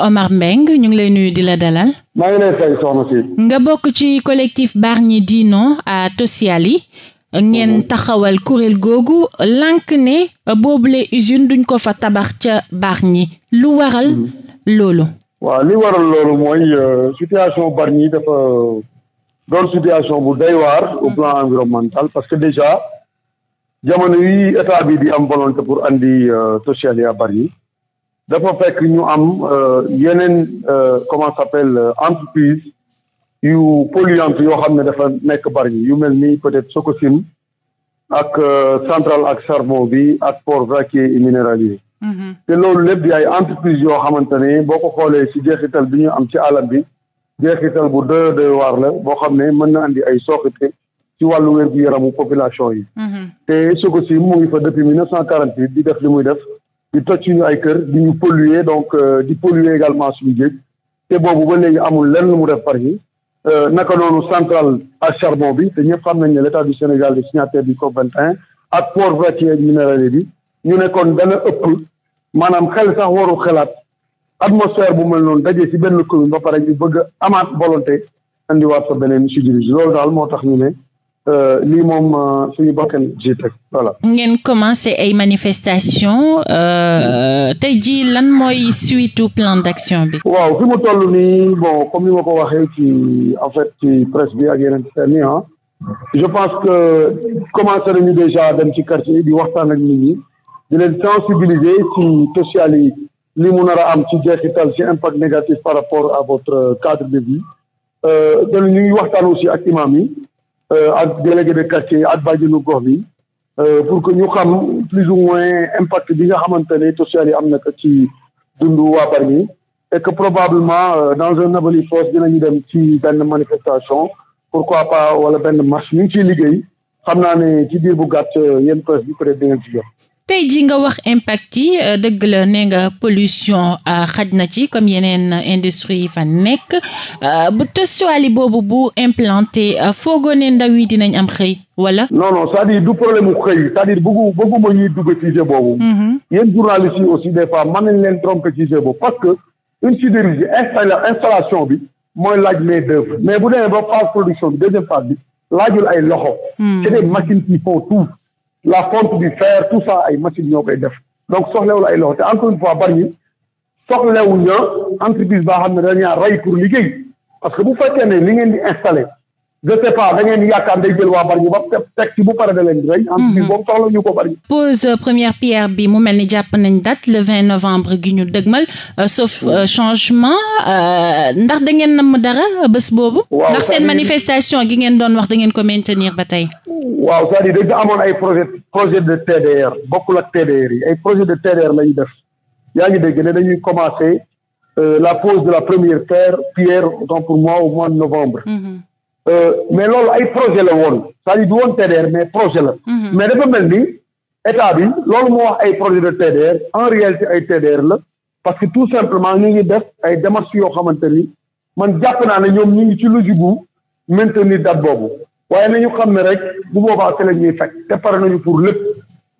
Omar Mbeng ñu ngi lay nuyu di la dalal. maa ngi lay nga bokk ci collectif Bargny di non à Tociali ngeen mhm. taxawal kuréel googu lànk ne boobule usine duñ ko fa tabax ca ñi lu waral mhm. loolu. waaw li waral loolu mooy euh, situation Bargny dafa euh, doon situation bu doy waar au mhm. plan environnemental parce que déjà jamono yi état bi di am volonté pour andi euh, Tociali à Bargny dafa fekk ñu am euh, yeneen euh, comment s'appelle euh, entreprise yu polluante yoo xam ne dafa nekk Bargny yu mel ni peut-être Sococim ak centrale ak charbon bi ak port vraquier et yi mm-hmm. te loolu lépp di ay entreprise yoo xamante ne boo ko xoolee ci jeexital bi ñu am ci alam bi jeexital bu doyo doy waar la boo xam ne mën na andi ay sooxite ci wàllu wér-gu-yaramu population yi mm-hmm. te Sococim mu ngi fa depuis mille cent quarante-huit di def li muy def di toj suñu ay kër di ñu polluer donc euh, di polluer également suñu géej te boobu ba léegi amul lenn mu def par yi euh, naka noonu centrale ak charbon bi te ñëpp xam nañ ne l' état du Sénégal de signataire bi COP 21 ak port côtier ak minéralier bi ñu nekkoon kon dana ëpp maanaam xel sax waru xelaat atmosphère bu mel noonu dajee ci benn commune ba pare ñu bëgg amaat volonté andiwaat fa beneen si dirige loolu daal moo tax ñu ne. Euh, lii moom euh, suñu bakkan jiite voilà. ngeen commencé ay manifestation euh, tey jii lan mooy suite plan d'action bi. waaw fi mu toll nii bon comme ni ma ko waxee ci en fait ci presse bi ak yeneen seen a ah. je pense que commencé déjà dem ci quartier yi di waxtaan ak nit ñi di leen sensibiliser ci social yi li mu nar a am ci jeexital ci impact négatif par rapport à votre cadre de vie. dañu ñuy waxtaan aussi ak imam yi. Euh, ak délégué de quartier ak bàjjenu gox bi euh, pour que ñu xam plus ou moins impact bi nga xamante ne social yi am na ko ci dundu waa Bargny et que probablement euh, dans un abali force dinañu dem ci benn manifestation pourquoi pas wala benn marche ñu ngi ciy liggéey xam naa ne ci diir bu gàtt yéen presse bi peut-être di ngeen ci jot tey ji nga wax impact yi euh, dëgg la nee nga pollution euh, xaj na ci comme yeneen industrie yi fa nekk euh, bu Teuss-Wally boobu bu implanté foogoo ne ndaw yi dinañ am xëy wala non non cest à du problème u xëy c'est-à-dire bëggu bëgguma ñuy dugg ci boobu mm-hmm. yéen journalistes yi aussi des fois nañ leen tromper ci sujet boobu parce que une sidérurgie installation bi mooy laaj main d'œuvre mais bu demee ba phase production bi deuxième phase bi laajul ay loxo mm. c'est des machines qui font tout la fonte du fer tout ça ay machines ñoo koy def donc soxlewul ay loxo te encore une fois Bargny soxlewul na entreprise baa xam ne dañaa rey pour liggéey parce que bu fekkee ne li ngeen di installé je sais pas da ngeen yaakaar day jël waa Bargny ba teg mhm. ñu ko Bargny. pose euh, première pierre bi mu mel ni jàpp nañ date le 20 novembre gi ñu dëgmal euh, sauf euh, changement ndax da ngeen namm dara bés boobu. ndax seen manifestation gi ngeen doon wax da ngeen ko maintenir ba tey. waaw cest à amoon ay projet projet de TDR yi ay de TDR la def yaa ngi dégg ne dañuy commencer la la première pierre pierre autant pour Euh, mais loolu ay projet la woon c'est-à-dire woon TDR mais projet la. Mhm. mais dafa mel ni état bi loolu moo wax ay projet de TDR en réalité ay TDR la parce que tout simplement ñu ngi def ay démarches yoo xamante ni man jàpp naa ne ñoom ñu ngi ci logique bu maintenir date boobu waaye nañu xam ne rek bu boobaa te ñuy fekk te pare nañu pour lépp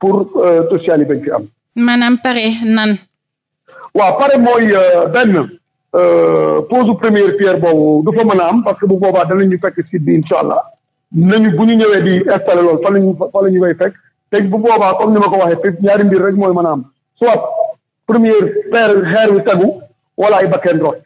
pour euh, social yi bañ fi am. maanaam pare nan. waaw pare mooy euh, benn. Euh, pose première pierre boobu du fa mën a am parce que bu boobaa ñu fekk site bi incha allah bu ñu ñëwee di installé loolu fa lañu fa la ñu koy fekk te bu boobaa comme ni ma ko waxee te ñaari mbir rek mooy mën a am soit première pierre xeer wi tagu wala ay bakkeen root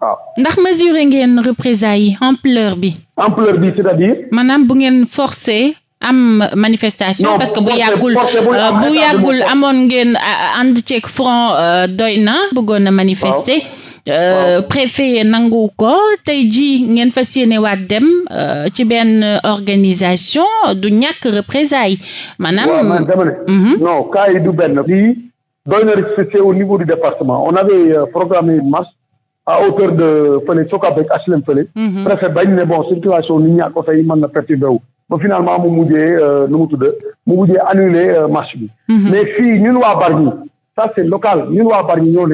waaw. ndax mesuré ngeen représailles yi ampleur bi. ampleur bi c'est-à-dire. maanaam bu ngeen forcé am manifestation. parce que bu yàggul euh, bu yàggul amoon ngeen a ànd ceeg front euh, doy na bëggoon a manifester. Euh, préfet nangu ko tey ji ngeen fas yéene waat dem euh, ci benn organisation du ñàkk représailles maanaam mhm. non cas yi du benn lii doy na respecté au niveau du département on avait euh, a une marche à hauteur de fële Sokabek HLM fële mhm. préfet bañ ne bon circulation nit ñi ak oto yi mën na perturbé wu ba finalement mu mujjee nu mu tudd mu mujjee annulé marche bi mhm. mais fii ñun waa Bargny ça c'est local ñun waa Bargny ñoo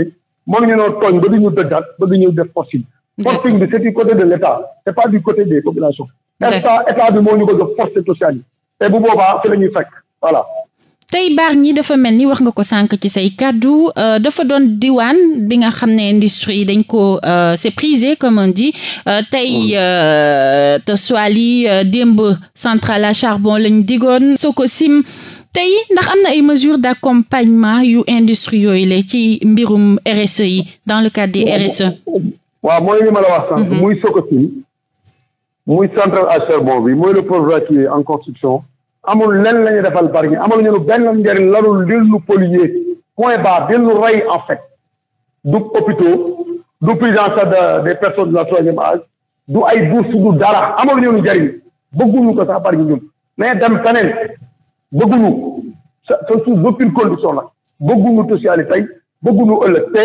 mënuñu noo tooñ ba du ñu dëggaat ba du ñu def forcing forcing bi c' est du côté de l' état pas du côté des populations état bi moo ñu ko jox force sociale yi te bu boobaa fi la ñuy fekk voilà tey Bargny dafa mel ni wax nga ko sànq ci say kàddu euh, dafa doon diwaan bi nga xam ne industrie dañ ko euh, c'est prisé comme on dit euh, tey te Soali démb centrale à charbon lañ digoon Sococim tey ndax am na ay mesures d'accompagnement yu industrie yooyu la ci mbirum RSE yi dans le cadre des RSE. waaw mooy li ma la wax sànq. Mm-hmm. muy Sococim muy centrale à charbon bi mooy le projet en construction. amul lenn la ñuy defal bari amul ñu benn njëriñ larul lil nu polluer point barre dil nu rey en fait du hôpitaux du prise en des personnes de la troisième âge du ay bourse du dara amul ñu njëriñ bëgguñu ko sax bari ñun mais dem feneen bëgguñu sa sa suuf ba pire condition la bëgguñu sociali tey bëgguñu ëllëg te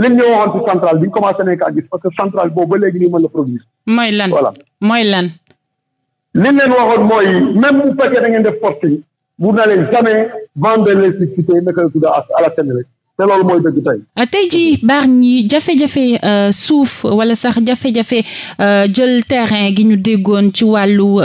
leen ñoo waxoon ci centrale bi ñu commencé nañ parce que centrale boobu ba léegi nii mën la produire. mooy lan voilà mooy lan. li leen waxoon mooy même bu fekkee da ngeen def forcing vous n'allez jamais vendre l'électricité naka la tudd à la Senelec te loolu mooy dëgg tey. Euh, tey jii Bargny jafe-jafe euh, suuf wala sax jafe-jafe euh, jël terrain gi ñu déggoon ci wàllu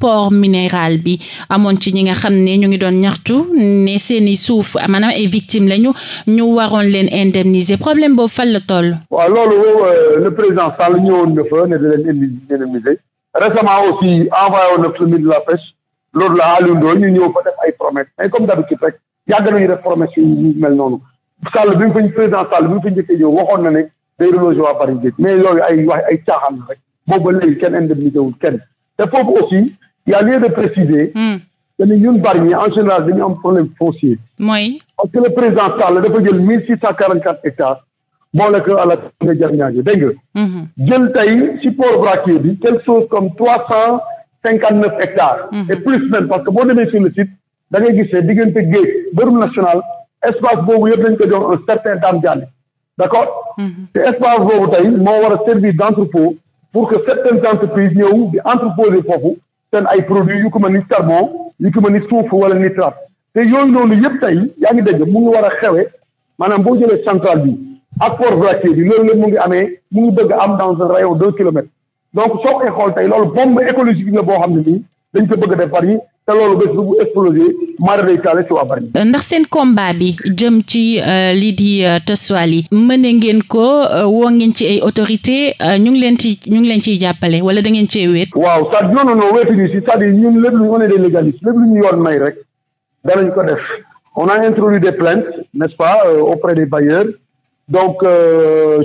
port minéral bi amoon ci ñi nga xam ne ñu ngi doon ñaxtu ne seeni suuf maanaam ay victimes lañu ñu waroon leen indemniser problème boobu fan toll. waaw loolu le président Sall ñëwoon na ne da leen indemniser récemment aussi envoyé woon na ministre de la pêche loolu la Alioune ñu ñëw fa def ay promesses mais comme d'habitude rek yàgg nañu def Sall bi mu fañ président Sall bi m fa njëkkee ñëw waxoon na ne day relogé waa Bargny Géej mais yooyu ay wax ay caaxaan la rek boobu ba léegi kenn indemnisé wul kenn te foofu aussi y a lieu de préciser hmm. que ni ñun Bargny en général dañu am problème foncier mooy parce que le président Sall dafa jël mille six cent quarante quatre hectares boole ko à la nga jarñaajo dégg nga hmm. jël tey si port braquier bi quelque chose comme trois cent cinquante neuf hectares hmm. et plus même parce que boo demee sur le site da ngay gis ne diggante géej bërum espace boobu yëpp nañ ko jox un certain Dame Diané d' accord. Mhm. te espace boobu tey moo war a service d' entrepôt pour que certaines entreprises ñëw di entreposer foofu seen ay produit yu ko mel ni charbon yu ko mel ni suuf wala nitrate te yooyu noonu yëpp tey yaa ngi dégg mu ngi war a xewee maanaam boo jëlee centrale bi ak port vraquier bi loolu leen mu ngi amee mu ngi bëgg am dans un rayon deux kilomètres donc soo koy xool tey loolu bombe écologique nga boo xam ne nii dañ ko bëgg a defar yi te loolu bés bu explosé maa day taale ci waa Bargny ndax seen combat bi jëm ci euh, lii di euh, Tossoali mëne ngeen ko euh, woo ngeen ci ay autorité ñu ngi leen ci ñu ngi leen ciy jàppale wala da ngeen cee wéet waaw sa yoonu noo weetuñu si c'est-à-dire ñun lépp lu ñu on est des légalistes lu ñu yoon may rek danañ ko def on a introduit des plaintes n'est-ce pas auprès des bailleurs donc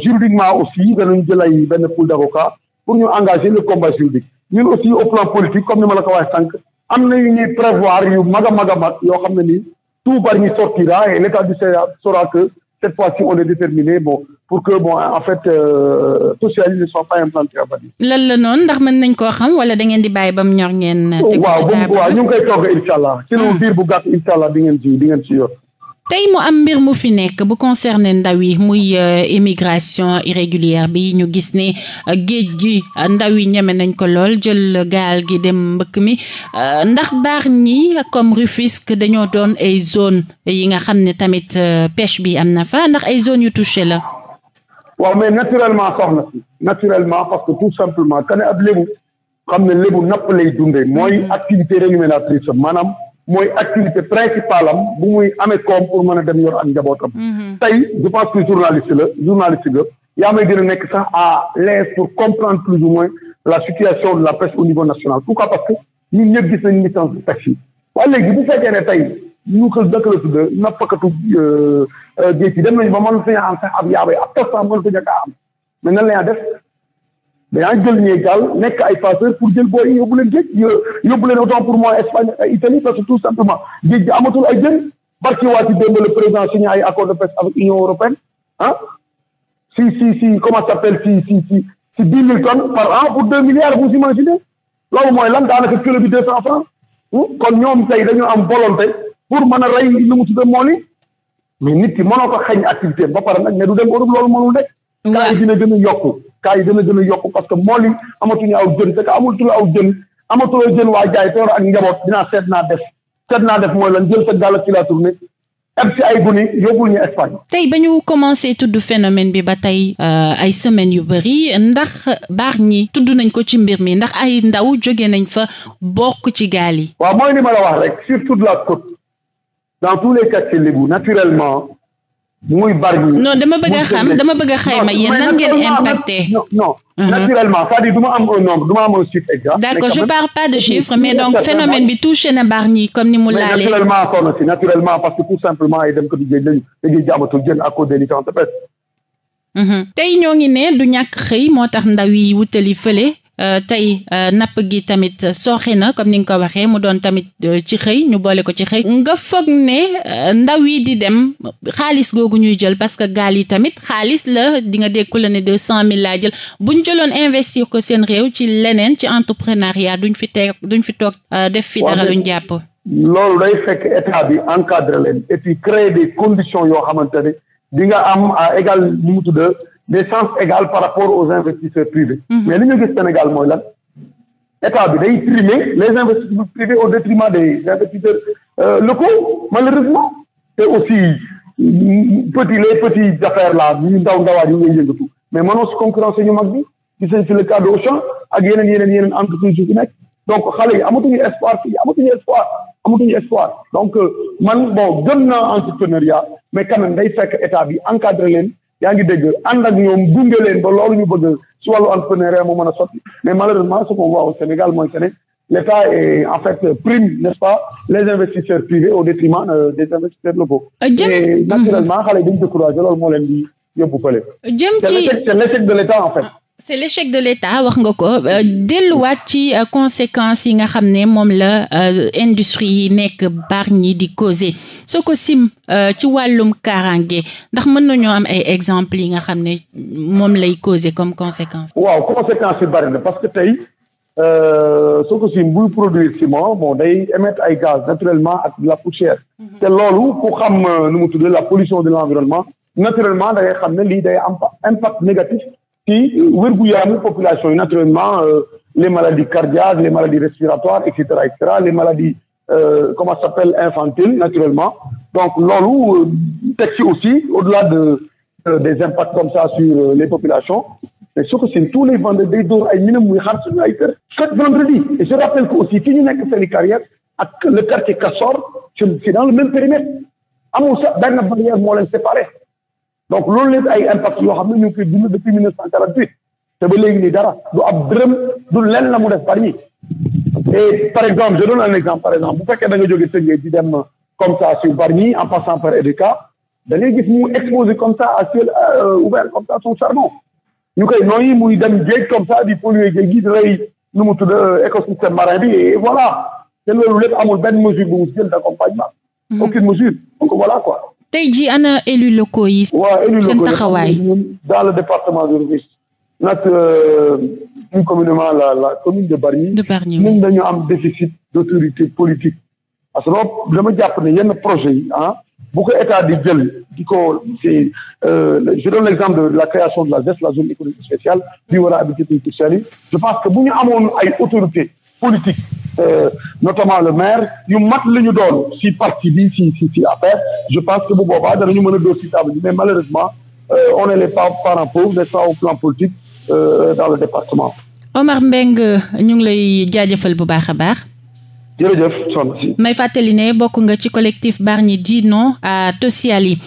juridiquement aussi danañ jël ay benn pool d'avocat pour ñu engager le combat juridique ñun aussi au plan politique comme ni ma la ko waxee sànq am na yu ñuy prévoir yu mag a mag a mag yoo xam na ni tout Bargny sortira et l'État du Sénégal saura que cette fois-ci on est déterminé bon pour que bon en fait euh, socialisme ne soit pas implanté à Bargny. lan la noonu ndax mën nañ koo xam wala da ngeen di bàyyi ba mu ñor ngeen. waaw waaw ñu ngi koy togg incha allah. ci lu ah. diir bu gàtt incha allah ngeen ci di ngeen ci yor. tey mu am mbir mu fi nekk bu concerné ndaw yi muy euh, immigration irrégulière bi ñu gis ne euh, géej gi euh, ndaw yi ñeme nañ ko lool jël gaal gi dem mbëkk mi ndax baax ñi comme Rufisque dañoo doon ay zone yi nga xam ne tamit pêche bi am na fa ndax ay zone yu touché la waaw mais naturellement soxna si naturellement parce que tout simplement kane ab lébu xam ne lébu napp lay dundee mooy mm-hmm. activité rémunératrice maanaam mooy activité principale am bu muy amee koom pour mën a dem yor ak njabootam. Mhm. tey je pense que journaliste la journaliste ga yaa may gën a nekk sax à l'aise pour comprendre plus ou moins la situation de la presse au niveau national pourquoi parce que ñun ñëpp gis nañu licence de taxi waaye léegi bu fekkee ne tey ñu ko dëkk la tudd nappakatu euh, euh, géej gi dem nañu ba mën saña am sax ab yaabay ab tos sax mën saña kaa am mais nan la ñaa def dañaa jël ñuy gaal nekk ay passeur pour jël booy yóbbu leen géej yóbbu leen autant pour moi Espagne ay euh, Italie parce que tout simplement géej gi amatul ay jën barki waa ci démb le président signé ay accord de pêche avec Union européenne ah si si si comment ça s'appelle si si si si dix mille tonnes par an pour deux milliards vous imaginez loolu mooy lan daanaka kilo bi deux cent francs hmm? kon ñoom tey dañu am volonté pour mën a rey nu mu tudde mool yi mais nit ki mënoo ko xañ activité ba pare nag ne du dem Europe loolu mënul nekk kaa yi dina gën yokku cas yi dana gën a yokk parce que mool yi amatuñu aw jën te que amatul aw jën amatuloo jën waa jaay toor ak njaboot dinaa seet naa def seet naa def mooy lan jël sa gàll ci la tournée eb ci ay guni yóbbul ñu Espagne. tey ba ñu commencé tudd phénomène bi ba tey euh, ay semaines yu bëri ndax baax ñi tudd nañ ko ci mbir mi ndax ay ndaw jóge nañ fa bokk ci gaal yi. waaw mooy li ma la wax rek sur la côte dans tous les quartiers lébou naturellement muy Bargny non dama bëgg a xam dama bëgg a xayma yéen nan ngeen impacté. non uh-huh. naturellement ma am un nombre du ma am un chiffre exact. d'accord je parle pas de chiffre mais donc phénomène bi touché na Bargny comme ni mu laalee. naturellement soxna si naturellement tout simplement ay dem ko di jën à cause uh-huh. ñoo ngi ne du ñàkk xëy moo tax ndaw yi wutali fële. Euh, tey euh, napp gi tamit sooxe na comme ni nga ko waxee mu doon tamit euh, ci xëy ñu boole ko ci xëy nga foog ne ndaw yi di dem xaalis googu ñuy jël parce que gaal yi tamit xaalis la di nga dégg ku la ne deux cent mille laa jël bu ñu jëloon investir ko seen réew ci leneen ci entrepreneuriat duñ fi teg duñ fi toog def fi dara luñ jàpp loolu day fekk état bi encadré leen et créer des conditions yoo xamante ne am à égal nu mu des chances égales par rapport aux investisseurs privés. Mhm. mais li ñu gis Sénégal mooy lan état bi day primer les investisseurs privés au détriment des investisseurs euh, locaux malheureusement te aussi petit les petits affaires là ñu ndaw ndawaan yi ngay yëngatu mais mënoo si concurrence ñu mag bi gis nañ le cas ak yeneen yeneen yeneen entreprise yu fi nekk donc xale yi amatuñu espoir fii amatuñu espoir amatuñu espoir donc euh, man bon gën naa entrepreneuriat mais quand même day fekk état bi encadré leen yaa ngi dégg ànd ak ñoom gunge leen ba loolu ñu bëgg si wàllu entrepreneuriat mu mën a sotti mais malheureusement ce qu'on voit au Sénégal mooy que ne l'État est en fait prime n'est-ce pas les investisseurs privés au détriment euh, des investisseurs locaux. Euh, et mhm. naturellement xale yi dañu découragé loolu moo leen di yóbbu fële. jëm ci c'est l'échec de l'État en fait. c'est l'échec de l'État wax nga ko euh, delluwaat ci euh, conséquences yi nga xam ne moom la euh, industrie yi nekk bar ñi di causé soo ko ci wàllum kaaraange ndax mën nañoo am ay exemples yi nga xam ne moom lay causé comme conséquence waaw conséquence yi bari na parce que tey soo ko sim buy produire ciment day émettre ay gaz naturellement ak de la poussière mhm. te loolu ku xam nu mu tuddee la pollution de l'environnement naturellement da xam ne lii day impact négatif ci wér-gu-yaramu population yi naturellement euh, les maladies cardiaques les maladies respiratoires et cetera et cetera les maladies euh, comment ça s'appelle infantiles naturellement donc loolu euh, teg ci aussi au-delà des impacts comme ça sur les populations mais soo ko si tous les vendredis day door ay minam muy xar suñu ay kër chaque vendredi et que aussi fi ñu nekk seeni carrière ak le quartier Castor c'est dans le même périmètre amul sax benn donc loolu lépp ay impact yoo xam ne ñu ngi koy dund depuis mille neuf cent quarante huit te ba léegi nii dara du ab dërëm du lenn la mu def par ñi et par exemple je an un exemple par exemple bu fekkee da nga jógee Tëngéej di dem comme ça sur Bargny en passant par Edeka da ngay gis mu exposé comme ça à ciel euh, ouvert comme ça son charbon ñu koy nooyi muy dem géej comme ça di polluer géej gi di rey nu mu tudd euh, écosystème marin bi et voilà te loolu lépp amul benn mesure bu mu jël d' accompagnement mhm. aucune quoi tey jii ana élus locaux yi. waaw élus dans le département de Rufisque nag plus euh, communément la la commune de Bargny. de Bargny ñun dañu am déficit d' autorité politique. parce que loolu dama jàpp ne yenn projet yi ah bu ko état di jël di ko c'est euh, je donne l' de la création de la ZES la zone économique spéciale bi mm. war a habité pays yi je pense que bu ñu amoon ay autorité politique euh, notamment le maire yu mat li ñu doon si parti bi si si si affaire je pense que bu boobaa danañu mën a dóor si table bi mais malheureusement euh, on est les parents pauvres mais ça au plan politique euh, dans le département. Omar Mbengue ñu ngi lay jaajëfal bu baax a baax. jërëjëf soxna si. may fàttali ne bokk nga ci collectif Bargny ñi non à Teussiali.